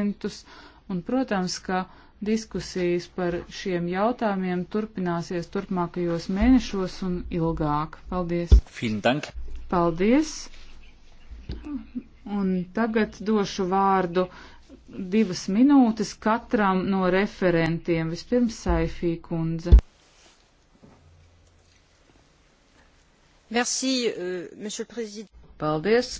elementus. Un, protams, ka diskusijas par šiem jautājumiem turpināsies turpmākajos mēnešos un ilgāk. Paldies! Fintank. Paldies! Un tagad došu vārdu divas minūtes katram no referentiem. Vispirms Saifī kundze. Merci, uh, Paldies,